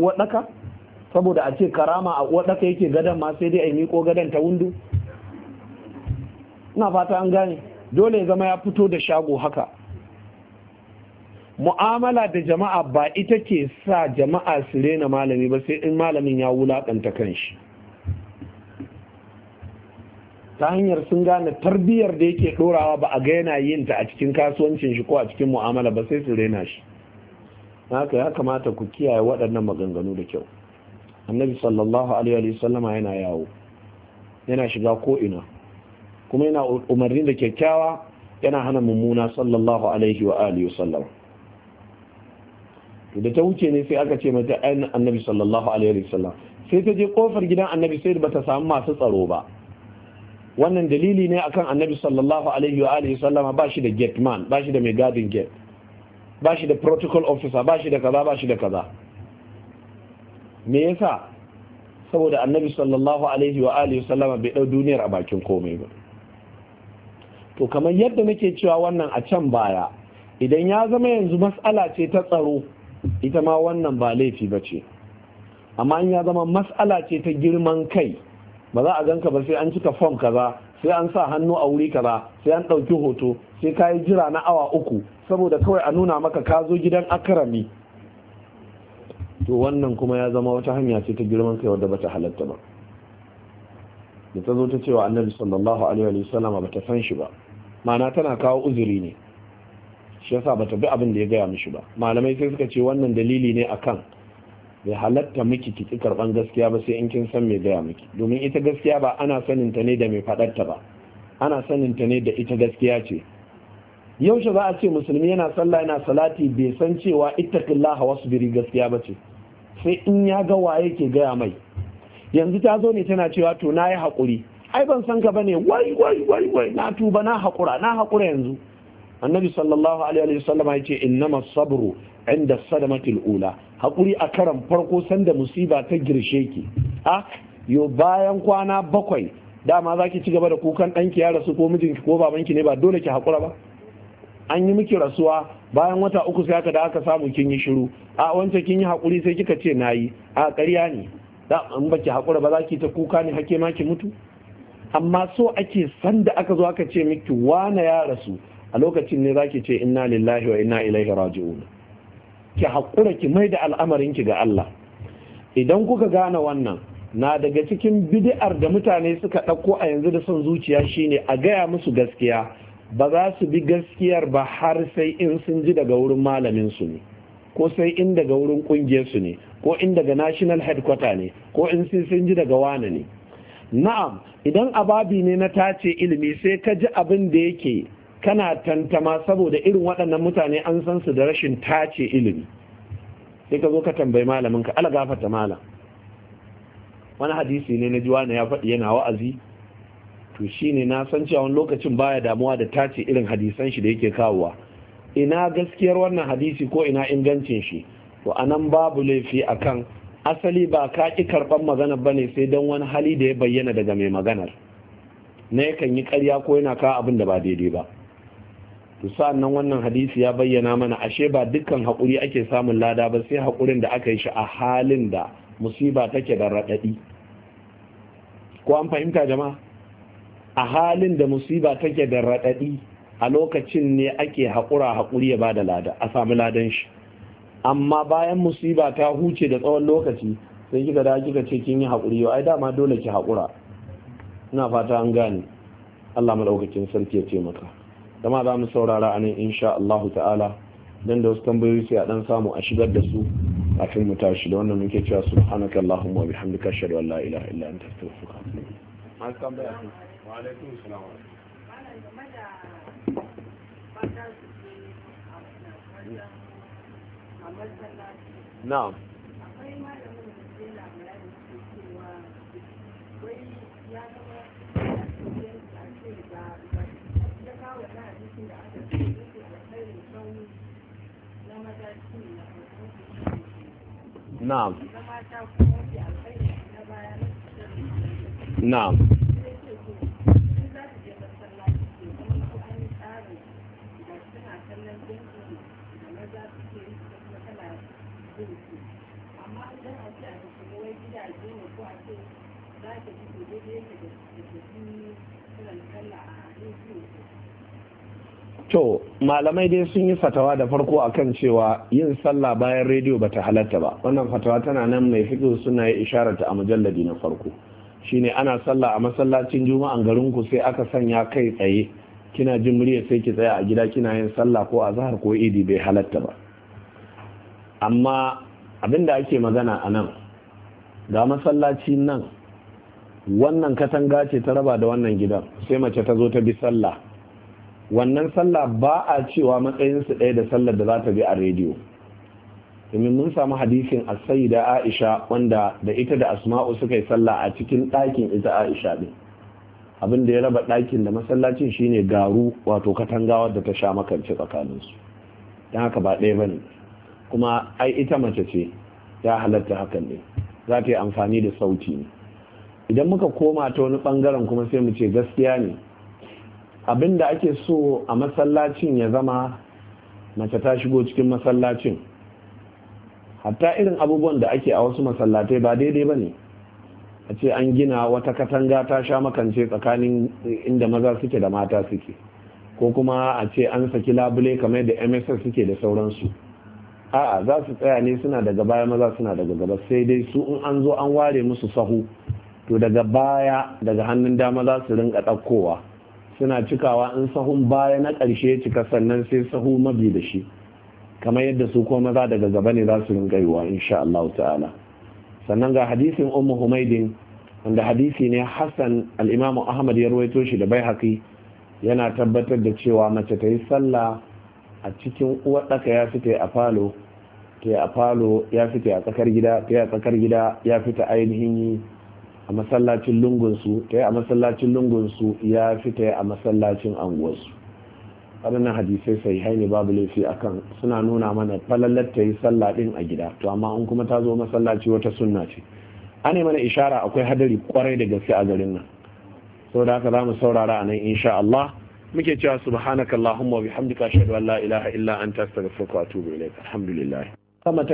waɗaka saboda a ce karama a waɗaka yake gadon ma sai dai a yi miko gadon ta wundu na fata an gane dole ya zama ya fito da shago haka mu'amala da jama'a ba ita ke sa jama'a su rena malami ba sai in malamin ya wulaƙanta shi. ta hanyar sun gane tarbiyyar da yake ɗorawa ba a ga yana yin ta a cikin kasuwancin shi ko a cikin mu'amala ba sai su rena shi haka ya kamata ku kiyaye waɗannan maganganu da kyau annabi sallallahu alaihi wa sallama yana yawo yana shiga ko ina kuma yana umarni da kyakkyawa yana hana mummuna sallallahu alaihi wa alihi wa sallama da ta wuce ne sai aka ce mata ayin annabi sallallahu alaihi wa sallam sai ta je kofar gidan annabi sai ta samu masu tsaro ba wannan dalili ne akan annabi sallallahu alaihi wa alihi wa sallama ba shi da gate man ba shi da mai gadin gate ba shi da protocol officer ba shi da kaza ba shi da kaza me yasa saboda annabi sallallahu alaihi wa alihi sallama bai dau duniyar a bakin komai ba to kamar yadda nake cewa wannan a can baya idan ya zama yanzu mas'ala ce ta tsaro ita ma wannan ba laifi ba ce amma in ya zama mas'ala ce ta girman kai ba za a ganka ba sai an cika fom kaza sai an sa hannu a wuri kaza sai an ɗauki hoto sai ka yi jira na awa uku saboda kawai a nuna maka ka zo gidan akarami to wannan kuma ya zama wata hanya ce ta girman kai wadda bata halatta ba da ta zo ta cewa annabi sallallahu alaihi wa ba bata san shi ba mana tana kawo uzuri ne shi yasa ta bi abin da ya gaya mishi ba malamai sai suka ce wannan dalili ne akan bai halatta miki ki ki karban gaskiya ba sai in kin san mai gaya miki domin ita gaskiya ba ana sanin ta ne da mai fadarta ba ana sanin ta ne da ita gaskiya ce yaushe za a ce musulmi yana sallah yana salati bai san cewa ittaqillaha wasbiri gaskiya bace sai in ya ga waye ke gaya mai yanzu ta zo ne tana cewa to na yi haƙuri ai ban san ka bane wai wai wai wai na tuba na haƙura na haƙura yanzu annabi sallallahu alaihi wa sallam ya ce innama sabru inda sadamatil ula haƙuri a karan farko sanda musiba ta girshe ki a yo bayan kwana bakwai dama za ki ci gaba da kukan ɗanki ya rasu ko mijinki ko babanki ne ba dole ki haƙura ba an yi miki rasuwa bayan wata uku sai aka da aka samu kin yi shiru a wancan kin yi hakuri sai kika ce nayi a ƙarya ne da an baki hakura ba za ki ta kuka ne hake ma ki mutu amma so ake san da aka zo aka ce miki wane ya rasu a lokacin ne za ki ce inna lillahi wa inna ilaihi raji'un ki haƙura ki mai da al'amarin ki ga Allah idan kuka gane wannan na daga cikin bid'ar da mutane suka ɗauko a yanzu da son zuciya shine a gaya musu gaskiya ba za su bi gaskiyar ba har sai in sun ji daga wurin malamin su ne ko sai in daga wurin kungiyar su ne ko in daga national headquarter ne ko in sun ji daga wane ne na'am idan ababi ne na tace ilimi sai ka ji abin da yake kana tantama saboda irin waɗannan mutane an san su da rashin tace ilimi sai ka zo ka tambayi malamin ka ala gafata malam wani hadisi ne na ji jiwa ya faɗi yana wa'azi to shine na san cewa wani lokacin baya damuwa da tace irin hadisan shi da yake kawowa ina gaskiyar wannan hadisi ko ina ingancin shi to anan babu laifi akan asali ba ka ki karban magana bane sai dan wani hali da ya bayyana daga mai maganar na yakan yi karya ko yana kawo abin da ba daidai ba to sa'an nan wannan hadisi ya bayyana mana ashe ba dukkan hakuri ake samun lada ba sai hakurin da aka yi shi a halin da musiba take da raɗaɗi ko an fahimta jama'a a halin da musiba take da raɗaɗi a lokacin ne ake haƙura haƙuri ya ba da lada a sami ladan shi amma bayan musiba ta huce da tsawon lokaci sai kika da kika ce kin yi haƙuri yau ai dama dole ki haƙura ina fata an gane Allah madaukakin sarki ya ce maka dama za mu saurara anan insha Allah ta'ala dan da wasu tambayoyi sai a dan samu a shigar da su kafin mu tashi da wannan muke cewa allahumma wa bihamdika ashhadu an la ilaha illa anta astaghfiruka wa atubu ilaik wa alaikum salam na'am na'am na'am To, malamai dai sun yi fatawa da farko akan cewa yin sallah bayan rediyo bata halatta ba. Wannan fatawa tana nan mai fiƙo suna yi isharata a mujalladi na farko. Shi ne ana sallah a masallacin juma'an garinku sai aka sanya kai tsaye kina jin murya sai ki tsaya a gida kina yin sallah ko azhar ko idi bai halatta ba amma abinda ake magana a nan ga masallaci nan wannan katanga ce ta raba da wannan gidan sai mace ta zo ta bi sallah wannan sallah ba a cewa matsayinsu ɗaya da sallar da za ta bi a rediyo domin mun samu hadisin asai da aisha wanda da ita da asma'u suka yi sallah a cikin ɗakin ita aisha ɗin abin da ya raba ɗakin da masallacin shine garu wato katangawar da ta sha makance tsakaninsu don haka ba ɗaya bane kuma ai ita mace ce ya halatta hakan ne za ta yi amfani da sauti ne idan muka koma ta wani ɓangaren kuma sai mu ce gaskiya ne abin da ake so a masallacin ya zama mace ta shigo cikin masallacin hatta irin abubuwan da ake a wasu masallatai ba daidai ba ne a ce an gina wata katanga ta sha makance tsakanin inda maza suke da mata suke ko kuma a ce an saki labule kamar da mss suke da sauransu a'a za su tsaya ne suna daga baya maza suna daga gaba sai dai su in an zo an ware musu sahu to daga baya daga hannun dama za su rinka ɗaukowa suna cikawa in sahun baya na ƙarshe cika sannan sai sahu mabi da shi kamar yadda su ko maza daga gaba ne za su rinka yiwa insha Allah ta'ala sannan ga hadisin ummu humaidin wanda hadisi ne hassan al'imamu ahmad ya ruwaito shi da bai haƙi yana tabbatar da cewa mace ta yi sallah a cikin uwaɗaka ya fita a falo ta a falo ya fita a tsakar gida ta a tsakar gida ya fita ainihin yi a masallacin lungunsu ta a masallacin lungunsu ya fita a masallacin anguwarsu waɗannan hadisai sai haini babu laifi akan suna nuna mana falalar ta yi sallah ɗin a gida to amma in kuma ta zo masallaci wata sunna ce an mana ishara akwai hadari kwarai da gaske a garin nan saboda haka za mu saurara a nan insha Allah muke cewa subhanakallahumma wa bihamdika ashhadu an la ilaha illa anta astaghfiruka wa atubu ilaik alhamdulillah